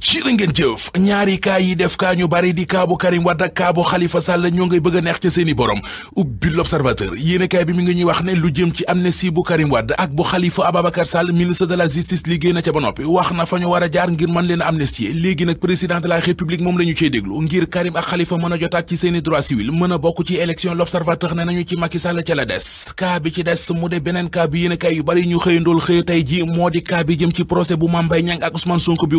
jërë ngeen jëf ñaari kaa yi def kaa ñu bari di kaabu Karim Wade kaabu Khalifa Sall ñoo ngay bëgg a neex ca seeni borom ubbi l'observateur yéen kaay bi mi ngi ñuy wax ne lu jëm ci amnistie bu Karim Wade ak bu Khalifa Ababacar Sall ministre de la justice liggéey na ca ba noppi wax na fa ñu war a jaar ngir mën leen a amnistie léegi nag président de la république moom la ñu cey déglu ngir Karim ak Khalifa mën a jotaat ci seeni droit civil mën a bokk ci ji moo di kaa bi jëm ci procès bu Mame Mbaye Niang ak Ousmane Sonko bi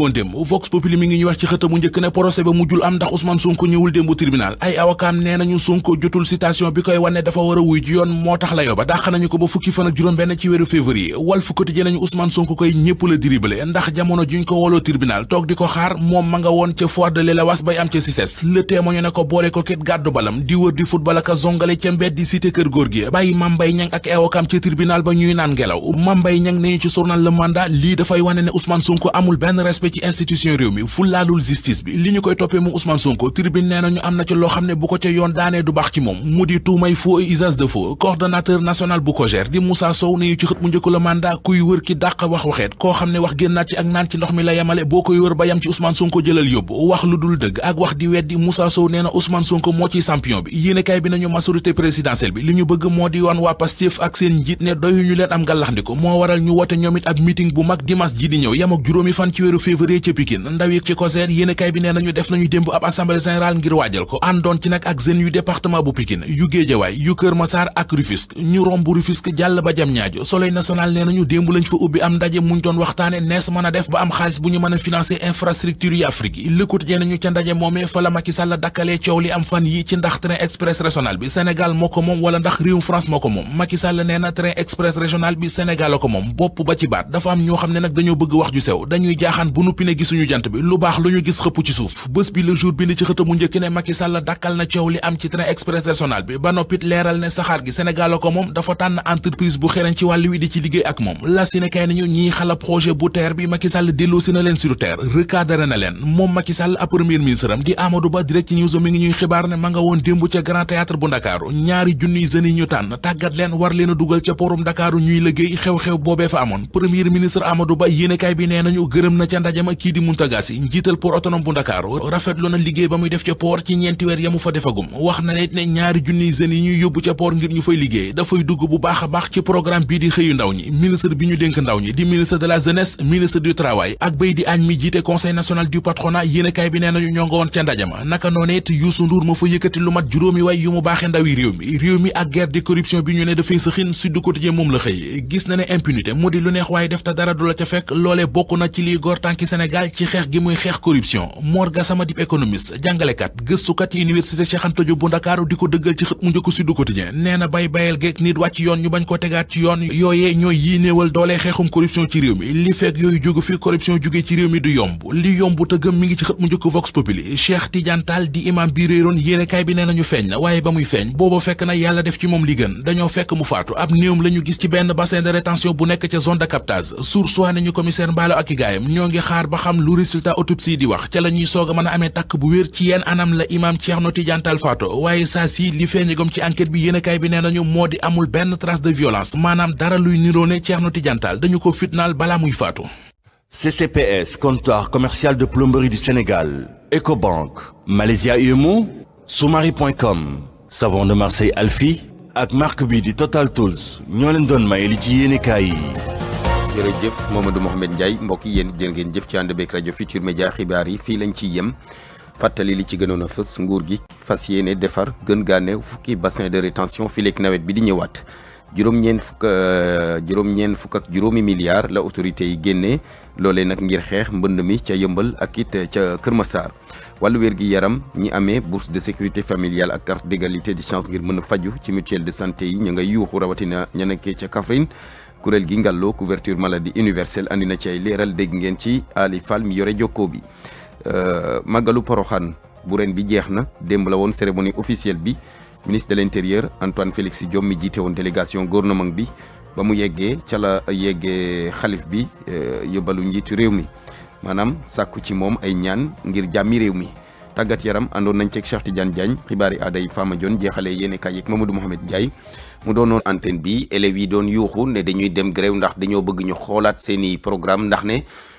populi mi ngi ñuy wax ci xëtamu njëkk ne procès ba mujjul am ndax Ousmane Sonko ñëwul démbu tribunal ay awakaam nee nañu Sonko jotul citation bi koy wane dafa war a wuy ji yoon moo tax la ba dàq nañu ko ba fukki fan ak juróom benn ci weeru février Walf Quotidien nañu Ousmane Sonko koy ñëpp la dribblé ndax jamono juñ ko woloo tribunal toog di ko xaar moom ma nga woon ca foire de l'Élevage bay am ca CICES le témoin ne ko boole ko kit gàddu balam réew mi fu laalul justice bi li ñu koy toppee moom Ousmane Sonko tribune nee nañu am na ci loo xam ne bu ko ca yoon daanee du baax ci moom mu di tuumay faux et de faux coordonnateur national bu COJER di Moussa Sow ne yu ci xët mu njëkk la mandat kuy wër ki dàq wax waxeet koo xam ne wax génnaat ci ak naan ci ndox mi la yemale boo koy wër ba yam ci Ousmane Sonko jëlal yóbbu wax lu dul dëgg ak wax di weddi Moussa Sow nee na Ousmane Sonko moo ci champion ndawi ci COSER yéenekaay bi nee nañu def nañu démb ab assemblée générale ngir waajal ko àndoon ci nag ak jeunes yu département bu Pikine yu Géejawaay yu Kër Masaar ak Rufisque ñu romb Rufisque jàll ba jam ñaajo Soleil national nee nañu démb lañ fa ubbi am ndaje muñ doon waxtaane nees mën a def ba am xaalis bu ñu mën a financer infrastructure yi Afrique yi Le Quotidien nañu ca ndaje moomee fa la Macky Sall dakkalee coow li am fan yi ci ndax train express jant bi lu baax lu ñu gis xëpp ci suuf bés bi le jour bi ni ci njëkk ne Macky dakkal na coow li am ci train express régional bi ba noppit leeral ne saxaar gi Sénégal ko moom dafa tànn entreprise bu xereñ ci wàllu di ci liggéey ak moom la si nañu ñiy xala projet bu terre bi Macky Sall delloosi na leen sur terre na leen moom Macky a premier ministre am di Amadou Ba direct ci news mi ngi ñuy xibaar ne ma nga woon démb ca Grand Théâtre bagaas njiital port autonome bu ndakaaru rafetlu na liggéey ba muy def ca port ci ñeenti weer yamu fa defagum wax na ne ñaari junniy jeunes yi ñuy yóbbu ca port ngir ñu fay liggéey dafay dugg bu baax baax ci programme bii di xëyu ndaw ñi ministre bi ñu dénk ndaw ñi di ministre de la jeunesse ministre du travail ak bay di añ mi jiite conseil national du patronat yéenekaay bi nee nañu ñoo nga woon ca ndajama naka noonu it Youssou ma fa yëkkati lu mat juróomi xeex gi muy xeex corruption Mor Gassama dib économiste jàngalekat gëstukat yi université Cheikh Anta bu Ndakaaru di ko dëggal ci xët mu njëkk Sud Quotidien nee na bay bayal geeg nit wàcc yoon ñu bañ ko tegaat ci yoon yooyee ñooy yii doole xeexum corruption ci réew mi li fekk yooyu jógu fi corruption jóge ci réew mi du yomb li yomb te gëm mi ngi ci xët mu di imam bi réeroon yéenekaay bi nee nañu feeñ na waaye ba muy feeñ booba fekk résultat autopsie di wax ca la ñuy soog a mën amee takk bu wér ci yenn anam la imaam Ceerno Tijaan Taal faato waaye saa si li feeñegom ci enquête bi yéenekaay bi nee nañu moo di amul benn trace de violence maanaam dara luy niroone Ceerno Tijaan Taal dañu ko fitnaal balaa muy faatu CCPS comptoir commercial de plomberie du Sénégal Ecobank Malaysia Umo Soumari.com savon de Marseille Alfi ak marque bi di Total Tools ñoo leen doon may li ci yéenekaay yi jërëjëf Mamadou Mohamed Ndiaye mbokk yi yéen jërë ngeen jëf ci ànd beeg rajo Futur Media xibaar yi fii lañ ciy yem fàttali li ci gënoon a fës nguur gi fas yéene defar gën gaaneew fukki bassin de rétention fii leeg nawet bi di ñëwaat juróom-ñeen fukk euh, juróom-ñeen fukk ak juróomi milliards la autorité yi génnee loole nag ngir xeex mbënn mi ca yëmbal ak it ca Kër Massar wàllu wér gi yaram ñi amee bourse de sécurité familiale ak carte d'égalité de chance ngir mën a faju ci mutuelle de santé yi ñu ngay yuuxu rawatina ña nekkee ca Kaffrine kuréel gi ngàlloo couverture maladie universelle andi na ci ay leeral dégg ngeen ci Ali Fall mi yore jokkoo bi euh, magalu poroxaan bu ren bi jeex na démb la woon cérémonie officielle bi ministre de l'intérieur Antoine Félix Diome mi jiite woon délégation gouvernement bi ba mu yeggee ca la yeggee xalif bi euh, yóbbalu njiitu réew mi maanaam sakku ci moom ay ñaan ngir jàmmi réew mi tàggat yaram àndoon nañ ceeg Cheikh Tidiane Diagne xibaari aaday Fama Dione jeexalee yéene kaay yeeg Mamadou Mohamed Ndiaye mu doon noon antenne bi élèves yi doon yuuxu ne dañuy dem grève ndax dañoo bëgg ñu xoolaat seeni programme ndax ne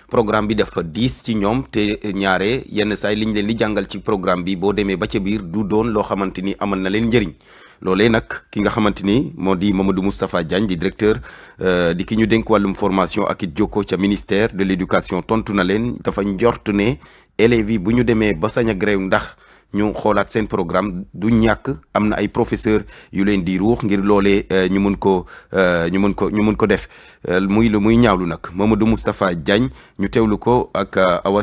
programme bi dafa diis ci ñoom te ñaare yenn saay liñ leen di jàngal ci programme bi boo demee ba ca biir du doon loo xamante ni amal na leen njëriñ loolee nag ki nga xamante ni moo di Mamadou Moustapha Diagne di directeur euh, di ki ñu dénk wàllum formation ak it jokkoo ca ministère de léducation tontu na leen dafa njort ne élèves yi bu ñu demee ba sañ a grève ndax ñu xoolaat seen programme du ñàkk am na ay professeur yu leen di ruux ngir loolee euh, ñu mun ko euh, ñu mun ko ñu mun ko def euh, muy lu muy ñaawlu nag Mamadou Moustapha Diagne ñu teewlu ko ak Awa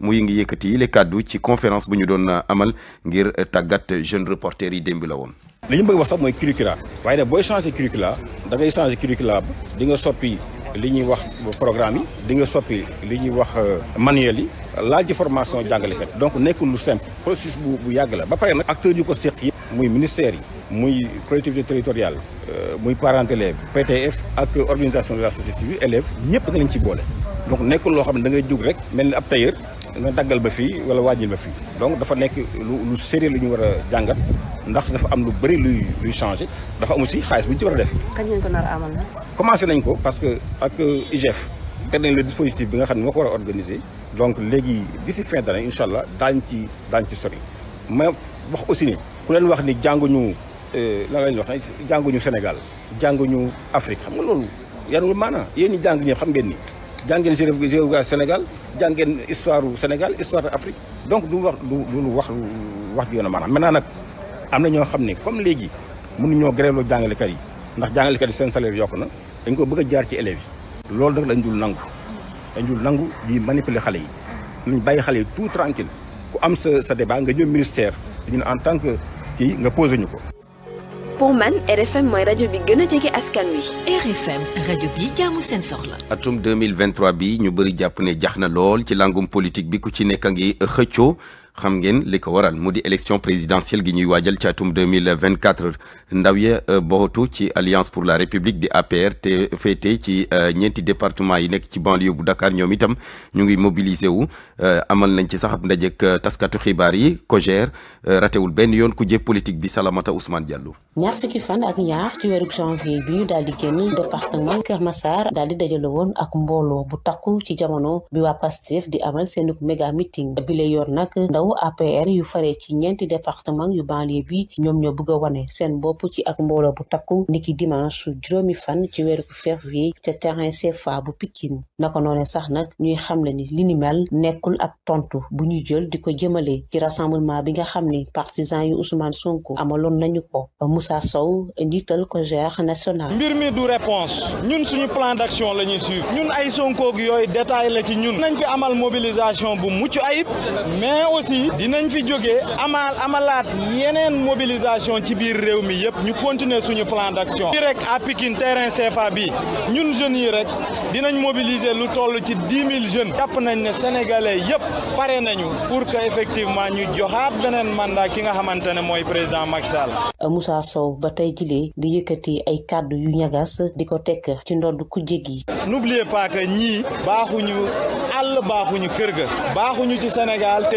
mu yi ngi yëkkati yi le kàddu ci conférence bu ñu doon amal ngir tàggat jeune reporter yi démb la woon li ñu wax sax mooy curricula waaye nag booy changé curricula da ngay changé curricula nga soppi li ñuy wax programme yi di nga soppi li ñuy wax euh, manuel yi laal ci formation jàngalekat donc nekkul lu simple processus bu yàgg la ba pare nag acteur yu ko séq yi muy ministère yi muy collectivité territoriale euh, muy parents d'élèves PTF ak organisation de la société civile élèves ñëpp nga lañ ci boole donc nekkul loo xam ne da ngay jóg rek mel ni ab tailleur nga daggal ba fi wala wàññil ma fi donc dafa nekk lu lu sérieux lu ñu war a jàngat ndax dafa am lu bëri luy luy changé dafa am aussi bu war a commencé nañ ko parce que ak euh, IGF teg nañ le dispositif bi nga xam ne moo ko war donc léegi d'ici fin d'année incha allah daañ ci daañ ci sori mais wax aussi ni ku leen wax ni jànguñu euh, lan la ñuy wax jànguñu Sénégal jànguñu Afrique xam nga loolu yanul maanaa yéen ñi jàng ñëpp xam ngeen ni jàngeen géographie Sénégal jàngeen histoire Sénégal histoire Afrique donc du wax du lu wax wax ju yoon a maanaam maintenant nag am na ñoo xam ne comme léegi mënuñoo gréeloo jàngalekat yi ndax jàngalekat yi seen salaire yokk na dañ ko bëgg a jaar ci élèves yi loolu nag lañ dul nangu dañ dul nangu di manipuler xale yi nañ bàyyi xale yi tout tranquille ku am sa sa débat nga jëm ministère dañu en tant que kii nga posé ñu ko pour man RFM mooy rajo bi gën a jege askan wi. RFM rajo bi jaamu seen soxla. atum bi ñu bëri jàpp ne jax na lool ci langum politique bi ku ci nekk a ngi xëccoo. xam ngeen li ko waral mu di élection présidentielle gi ñuy waajal ci atum 2024 ndaw ya euh, bootu ci alliance pour la république di APR te féete ci euh, ñeenti département yi nekk ci banlieue bu Dakar ñoom itam ñu ngi mobiliser euh, amal nañ ci sax ab taskatu xibaar yi ratewul benn yoon ku jëpp bi Salamata Ousmane Diallo. ñaar fukki fan ak ñaar ci weeru janvier bi ñu daal di génn Kër Massar daal di dajale ak mbooloo bu takku ci jamono bi ndaw APR yu fare ci ñeenti département yu banlieue bi ñoom ñoo bëgg a wane seen bopp ci ak mbooloo bu takku niki dimanche juróomi fan ci weeru février ca terrain CFA bu Pikine naka noone sax nag ñuy xamle ni li ni mel nekkul ak tontu bu ñuy jël di ko jëmalee ci rassemblement bi nga xam ni partisan yu Ousmane Sonko amaloon nañu ko musa Sow njiital ko COJER national. mbir mi du réponse ñun suñu plan d'action la ñuy ñun ay Sonko yooyu détail la ci ñun nañ aussi dinañ fi jógee amaal amalaat yeneen mobilisation ci biir réew mi yëpp ñu continuer suñu plan d'action fii rek à Pikine terrain CFA bi ñun jeunes yi rek dinañ mobiliser lu toll ci dix mille jeunes jàpp nañ ne sénégalais yëpp pare nañu pour que effectivement ñu joxaat beneen mandat ki nga xamante ne mooy président Macky Sall. Moussa Sow ba tey jilee di yëkkati ay kàddu yu ñagas di ko tek ci ndodd ku jéggi. N'oubliez pas que ñii baaxuñu àll baaxuñu kër ga baaxuñu ci Sénégal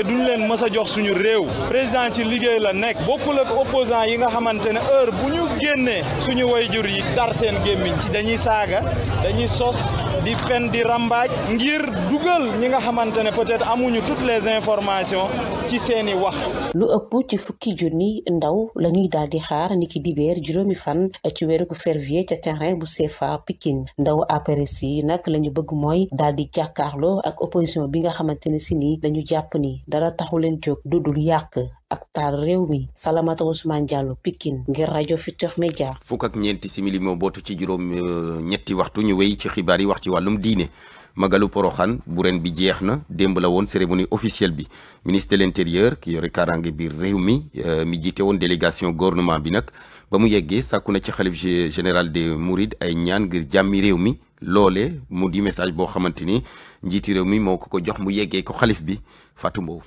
mës a jox suñu réew président ci liggéey la nekk bokkul ak opposant yi nga xamante ne heure bu ñu génnee suñu wayjur yi dar seen gémmiñ ci dañuy saaga dañuy sos di fen di rambaaj ngir dugal ñi nga xamante ne peut-être amuñu toutes les informations ci seeni wax. lu ëpp ci fukki junni ndaw la ñuy daal di xaar ni ki dibeer juróomi fan ci weeru fervier ca terrain bu CFA Pikine ndaw APRS yi nag la ñu bëgg mooy daal di jàkkaarloo ak opposition bi nga xamante ne si nii dañu jàpp ni dara taxu leen jóg du dul yàq. ak taal réew mi Salamata Ousmane Diallo Pikine ngir rajo Futurs Médias. fukk ak ñeenti simili moo bootu ci juróom euh, ñetti waxtu ñu wéy ci xibaar yi wax ci wàllum diine. magalu poroxaan bu ren bi jeex na démb la woon cérémonie officielle bi ministre de l'intérieur ki yore kaaraange biir réew mi euh, mi jiite woon délégation gouvernement bi nag ba mu yeggee sàkku na ci xalif général de Mourides ay ñaan ngir jàmmi réew mi loole mu di message boo xamante ni njiiti réew mi moo ko ko jox mu yeggee ko xalif bi Fatou Mbow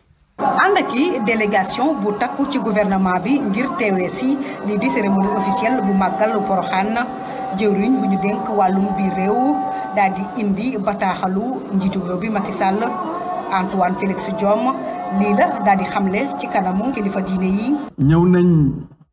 ànd ak bu takku ci gouvernement bi ngir teewee ci lii di cérémonie officielle bu màggal poroxaan jëwriñ bu ñu dénk wàllum biir réew daal di indi bataaxalu njiitu réew bi Macky Sall Antoine Félix Diome lii la daldi xamle ci kanamu kilifa diine yi. ñëw nañ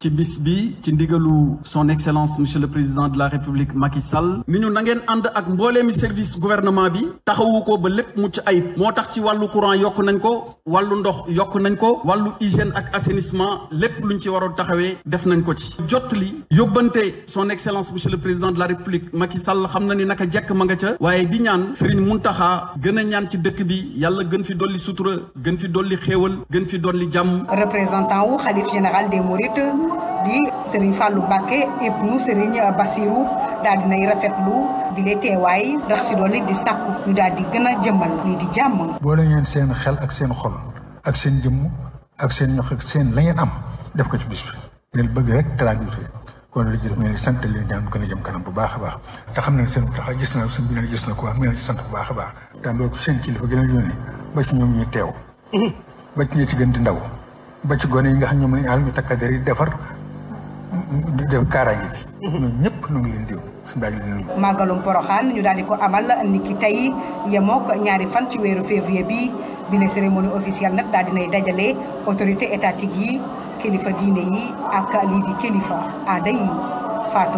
ci bis bi ci ndigalu son excellence monsieur le président de la république Macky Sall ni ñu nangeen ànd ak mbooleemi service gouvernement bi taxawu ko ba lépp mucc ayib moo tax ci wàllu courant yokk nañ ko wàllu ndox yokk nañ ko wàllu hygiène ak assainissement lépp lu ñu ci waroon taxawee def nañ ko ci jot li yóbbante son excellence monsieur le président de la république Macky Sall xam na ni naka jekk ma nga ca waaye di ñaan Serigne Mountakha gën a ñaan ci dëkk bi yàlla gën fi dolli sutura gën fi dolli xéewal gën fi dolli jàmm représentant wu xalif général des Mourides di Serigne Fallou Mbacké ibnu Serigne Bassirou daal dinay rafetlu bi le teewaay ndax si doole di sàkku ñu daal di gën a jëmmal lii di jàmm. boole ngeen seen xel ak seen xol ak seen jëmm ak seen ñox seen la ngeen am def ko ci bis bi. ngeen bëgg rek traité kon li jël ngeen sant leen ñaan gën a jëm bu baax a baax te xam nañ seen taxa gis na seen bi gis na ko mu ngeen ci sant bu baax a baax. daan boobu seen kilifa gën a yónni ba ñoom ñu teew. ba ci ñi ci gën di ndaw ba ci gone yi nga xam ñoom lañu takka ñu der yi defar di ñu màggalum poroxaan ñu daal di ko amal niki tey yemook ñaari fan ci weeru février bi bi ne officielle nag daal dinay dajale autorité étatique yi kilifa diine yi ak lii di kilifa aada yi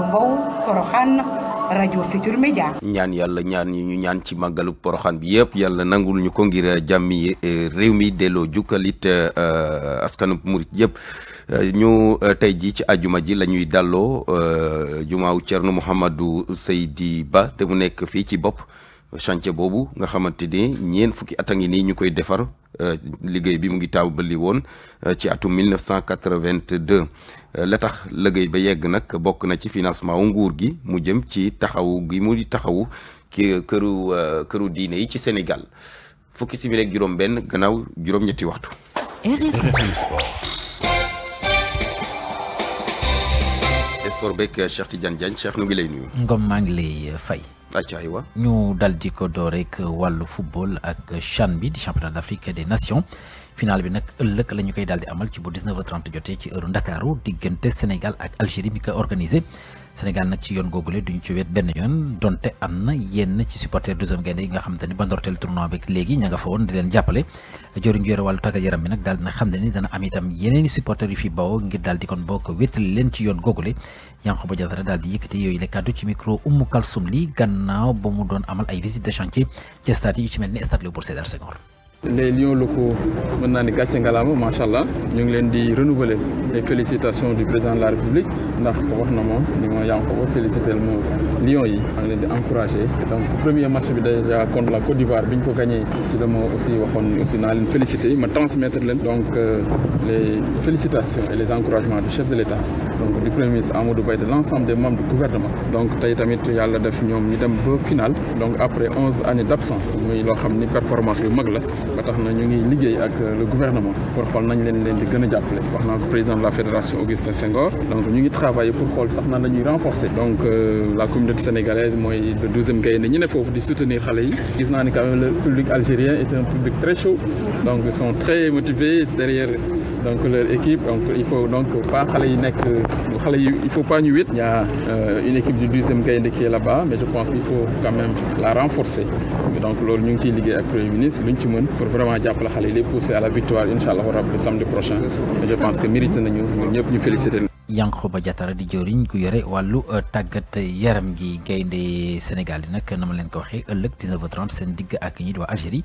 Mbow poroxaan. rajo Futur Media. ñaan yàlla ñaan yi ñu ñaan ci màggalu poroxaan bi yëpp yàlla lu ñu ko ngir jàmmi eh, réew mi delloo jukkalit eh, askanu murit yépp eh, ñu tey ji ci ajuma ji la ñuy dalloo jumaaw Cerno Mouhamadou Seydi Ba te mu nekk fii ci bopp. chantier boobu nga xamante ni ñeen fukki at a ngi nii ñu koy defar euh, liggéey bi mu ngi taaw bëli woon euh, ci atum 1982 euh, la tax lëggéey ba yegg nag bokk na ci financement wu nguur gi mu jëm ci taxawu gi mu taxawu ki këru këru diine yi ci Sénégal fukki simili ak juróom-benn gannaaw juróom-ñetti waxtu. sport beeg Cheikh Tidiane Diagne Cheikh nu ngi lay nuyu. Ngom maa ngi lay fay. aywa ñu dal di ko door rek wàllu football ak CHAN bi di championnat d'Afrique des nations finaal bi nag ëllëg la ñu koy daal di amal ci bu 19 h jotee ci heure Ndakaaru diggante Sénégal ak Algérie mi ko organisé. Sénégal nag ci yoon googule duñ ci wet benn yoon donte am na yenn ci supporter deuxième gaynde yi nga xam te ba ndorteel tournoi bi léegi ña nga fa woon di leen jàppale joriñ yore wàllu tàggat yaram bi nag daal dina xam ne ni dana am itam yeneen i supporter yu fi bawoo ngir daal di kon bokk wéttali leen ci yoon googule Yankhoba Diattara daal di yëkkati yooyu la kàddu ci micro Oumou Kalsoum li gannaaw ba mu doon amal ay visite de chantier ci stade yi ci mel ni stade Léopold les lions locaux mën naa ni gàcce ngalaama macha allah ñu ngi leen di renouveler les félicitations du président de la république ndax wax na moom ni ma yaa ngi ko féliciter mo lions yi maa ngi leen di encourager donc premier match bi déjà contre la Côte d'Ivoire bi ñu ko gagné ci dama aussi waxoon aussi naa leen féliciter ma transmettre leen donc euh, les félicitations et les encouragements du chef de l'État donc du premier ministre Amadou Ba de l'ensemble des membres du gouvernement donc tey tamit yàlla def ñoom ñu dem ba final donc après onze années d'absence muy loo xam ni performance bi mag la ba tax na ñu ngi liggéey ak euh, le gouvernement pour xool nañ leen leen di gën a jàppale wax naa président de la fédération Augustin Senghor donc ñu ngi travailler pour xool sax na la ñuy renforcer donc euh, la communauté sénégalaise mooy le douzième Gaïndé ñu ne foofu di soutenir xale yi gis naa ni quand même le public algérien est un public très chaud donc ils sont très motivés derrière donc leur équipe donc il faut donc pas xale yi nekk xale yi il faut pas ñu wét. a euh, une équipe du deuxième gaynde qui est là-bas mais je pense qu'il faut quand même la renforcer donc loolu ñu ngi ciy liggéey ministre lu ñu ci mën pour vraiment jàppale xale yi les pousser à la victoire incha allah rabbi samedi prochain je pense que mérité nañu ñun ñu féliciter. Yankhoba Diattara di jëwriñ gu yore wàllu euh, tàggat yaram gi gaynde Sénégal yi nag na ma leen ko waxee ëllëg 19h30 seen digg ak ñi di waa Algérie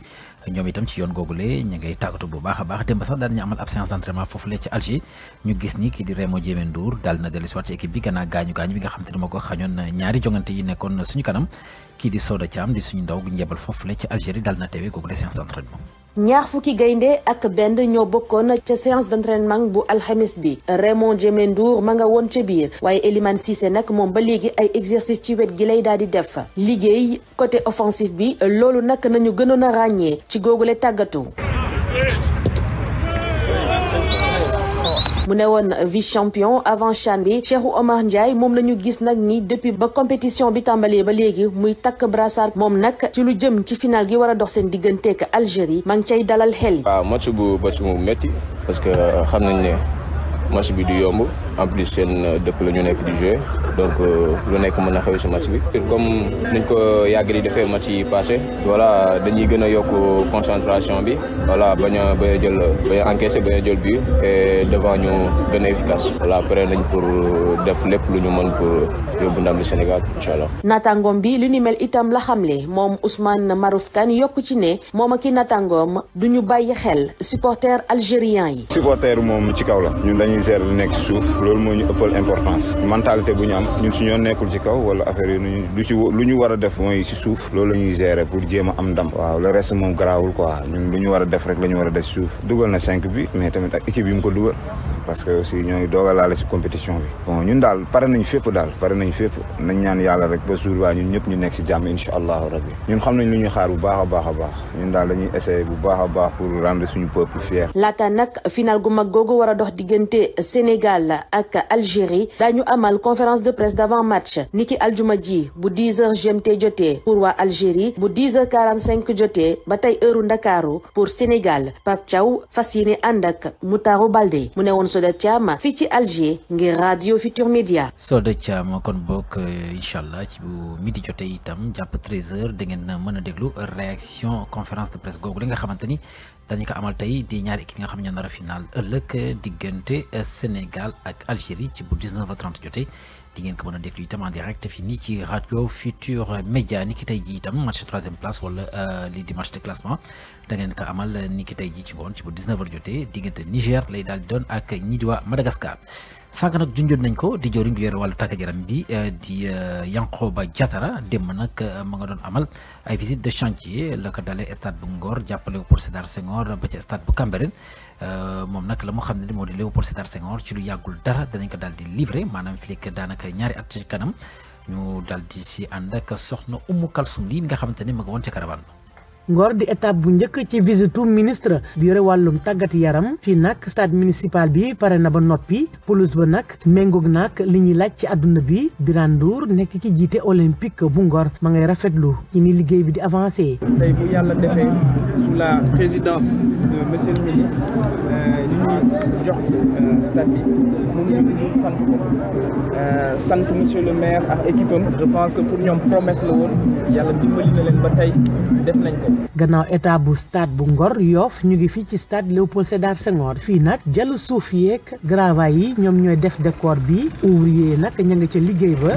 ñoom itam ci yoon googule ñu ngay tàggatu bu baax a baax démb sax daal ñu amal ab séance d'entraînement foofule ci Alger ñu gis ni kii di Rémo Jéeme Ndour daal na dellu si waat ci équipe bi gannaaw gaañu gaañu bi nga xam te ne moo ko xañoon ñaari jongante yi nekkoon suñu kanam kii di Soda Thiam di suñu ndaw gu ñu yebal foofule ci Algérie dal na teewee googu la séance ñaar fukki gaynde ak benn ñoo bokkoon ca séance d'entraînement bu alxamis bi Raymond Jemendour ma nga woon ca biir waaye Eliman Cissé nag moom ba léegi ay exercice ci wet gi lay daal di def liggéey côté offensif bi loolu nag nañu gënoon a ràññee ci googule tàggatu mu ne woon vice champion avant chan bi Cheikhou Omar Ndiaye moom la ñu gis nag ni depuis ba compétition bi tàmbalee ba léegi muy takk brassard moom nag ci lu jëm ci final gi war a dox seen digganteeg Algérie maa ngi cay dalal xel yi. waaw match bu bés bu métti parce que euh, xam nañ ne match bi du yomb. en plus seen euh, dëkk la ñu nekk di jouer donc euh, lu nekk mën a xew si match bi. comme niñ ko yàgg di defee match yi passé voilà dañuy gën a yokk concentration bi voilà bañ a bañ a jël bañ a encaissé bañ a jël but et ñu gën a efficace voilà pare nañ pour euh, def lépp lu ñu mën pour yóbbu ndam li Sénégal incha allah. naataangoom bi lu ni mel itam la xam xamle moom Ousmane Marouf Kane yokk ci ne moom ak i naataangoom du ñu bàyyi xel supporters algériens yi. supporters moom ci kaw la ñun dañuy seetlu nekk ci suuf. loolu moo ñu ëppal importance mentalité bu ñu am ñun su ñoo nekkul ci kaw wala affaire yi ñu lu ci lu ñu war a def mooy si suuf loolu a am ñu war a def rek la ñu a def si suuf dugal na cinq bi mais tamit ak équipe yi mu ko dugal parce que aussi ñooy doog a compétition bi ñun daal pare nañ fépp daal pare nañ fépp nañ ñaan yàlla rek ba jour baa ñun ñëpp ñu nekk si jàmm incha allahu rabbi ñun xam nañ lu ñuy xaar bu baax a baax a baax ñun daal dañuy essayer ak Algérie daañu amal conférence de presse d'avant match niki aljuma ji bu 10h GMT jotee pour waa Algérie bu 10 h cinq jote ba tey heure Ndakaaru pour Sénégal Pape caw fas yéene ànd ak Moutaro Baldé mu ne woon Soda Thiam fii ci Alger ngir radio Futur Média. Soda Thiam kon bokk incha allah ci bu midi jotee itam jàpp 13h da ngeen mën a déglu réaction conférence de presse googu li nga xamante ni. dañu ko amal tey di ñaar équipe nga xam ne ñoo nar a final ëllëg diggante Sénégal ak Algérie ci bu 19h30 jotee di ngeen ko mën a déglu itam en direct fii nii ci radio Futur Média ni ki tey ji itam match troisième place wala euh, lii di match de classement da ngeen ko amal ni ki tey ji ci ngoon ci bu 19h jotee diggante Niger lay daal di doon ak ñi di waa Madagascar. sànq nag junjoon nañ ko di jëwriñ ju yore wàllu tàggat yaram bi euh, di euh, Yankhoba Diattara démb nag euh, ma nga doon amal ay visite de chantier la ko dalee stade bu ngoor jàppale Léopold Sédar Senghor ba ci stade bu Cambérène moom nag la mu xam ne moo di Léopold Sédar Senghor ci lu yàggul dara danañ ko daal di livré maanaam fii daanaka ñaari at ci kanam ñu dal di si ànd ak soxna Oumou Kalsoum lii nga xamante ne ma nga woon ca caravane Ngor di étape bu njëkk ci visitu ministre bi yore wàllum tàggat yaram fii nag stade municipal bi pare na ba noppi pelouse ba nag méngoog nag li ñuy laaj ci àdduna bi Birane Ndour nekk ci jiite olympique bu Ngor ma ngay rafetlu ci ni liggéey bi di avancé. tey bu yàlla defee la présidence de monsieur le ministre euh, ñu jox euh, stade bi mu ngi ñu sant ko euh, sant monsieur le maire ak équipe je pense que pour ñoom promesse la woon yàlla dimbali na leen ba tey def nañ ko. gannaaw état bu stade bu Ngor Yoff ñu ngi fii ci stade Léopold Sédar Senghor fii nag jëlu suuf yeeg gravats yi ñoom ñooy def décor bi ouvrier nag ña nga ca liggéey ba.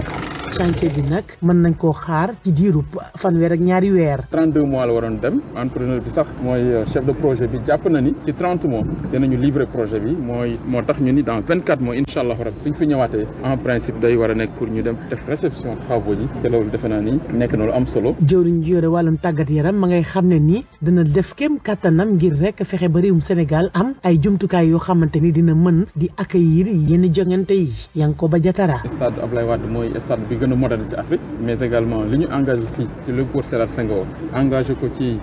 chantier bi nag mën nañ koo xaar ci diirub fanweer ak ñaari weer. 32 mois la mooy euh, chef de projet bi jàpp na ni ci trente mois dinañu livrer projet bi mooy moo tax ñu ni dans vingt quatre mois incha allah rabi suñ fi ñëwaatee en principe day war a nekk pour ñu dem def réception travaux yi te loolu defe naa ni nekk na lu am solo. jëwriñ ji yore wàllum tàggat yaram ma ngay xam ne ni dina def kéem kattanam ngir rek fexe ba réewum Sénégal am ay jumtukaay yoo xamante ni dina mën di accueillir yenn joŋante yi Yankoba Diatara. stade Ablaye Wade mooy stade bi gën a moderne ci Afrique mais également li ñu engagé fii ci ko ci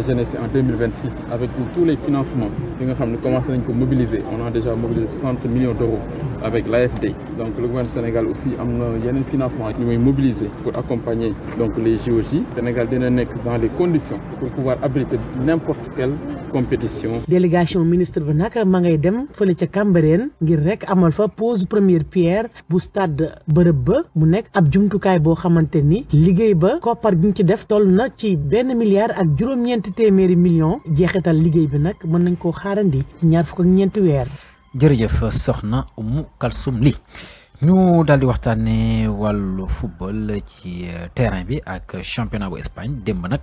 la jeunesse en 2026 avec tous les financements yi nga xam ne commencé nañ ko mobiliser on a déjà mobilisé 60 millions d'euros avec l'AFD donc le gouvernement Sénégal aussi am na yeneen financement ñu may mobiliser pour accompagner donc les JOJ Sénégal dina nekk dans les conditions pour pouvoir abriter n'importe quelle compétition délégation ministre bi nag ma ngay dem fële ca Cambérène ngir rek amal fa pose première pierre bu stade bërëb ba mu nekk ab jumtukaay boo xamante ni liggéey ba koppar gi ñu ci def toll na ci benn milliard ak juróom-ñeenti téeméeri million jeexital liggéey bi nag mën nañ koo xaarandi ñaar fukk ak ñeenti weer jërëjëf soxna Umu Kalsum lii ñu daal di waxtaanee wàllu football ci euh, terrain bi ak championnat bu Espagne démb nag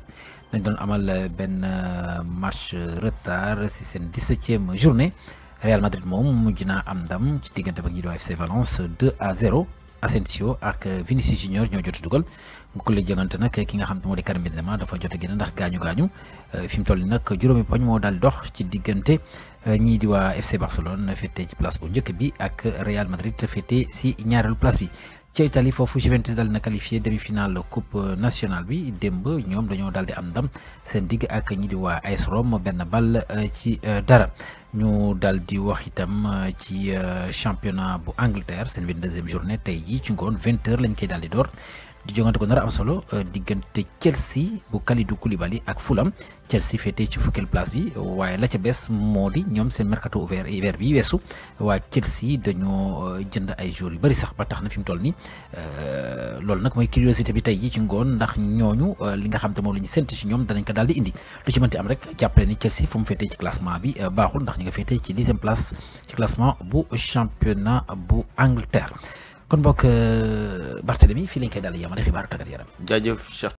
dañ doon amal euh, benn euh, match retard si seen dix-septième journée Real Madrid moom mujj naa am ndam ci diggante ba ak Girona FC Valence 2 à 0. Asensio ak euh, Vinicius Junior ñoo jot a dugal nga ko lay jëngante nag ki nga xam te moo di Karim Benzema dafa jot a génn ndax gaañu gaañu euh, fi mu toll nii nag juróomi poñ moo daal dox ci diggante euh, ñii di waa FC Barcelone féetee ci place bu njëkk bi ak Real Madrid féetee si ñaareelu place bi. ci Italie foofu Juventus daal na qualifié demi-finale coupe nationale bi démb ñoom dañoo dal di am ndam seen digg ak ñi di waa AS Rome benn ball ci dara. ñu daal di wax itam euh, ci euh, championnat bu Angleterre seen vingt deuxième journée tey jii ci ngoon vingt heures lañ koy daal di door di jongante ko nara am solo euh, diggante Chelsea bu Kalidou Koulibaly ak Fulham Chelsea féetee ci fukkeel place bi waaye la ca bees moo di ñoom seen mercato ouvert hiver bi weesu waa Chelsea dañoo euh, jënd ay joueurs yu bëri sax ba tax na fi mu toll nii euh, loolu nag mooy curiosité bi tey jii ci ngoon ndax ñooñu li nga xam te moom la ñu séntu ci ñoom danañ ko daal di indi lu ci mënti am rek jàppale ni Chelsea fu mu féetee ci classement bi baaxul ndax ñu nga féetee ci dixième place ci classement bu championnat bu Angleterre. kon bokk euh, Barthélémy fii lañ koy daal di yemale xibaaru tàggat yaram. jaajëf Cheikh.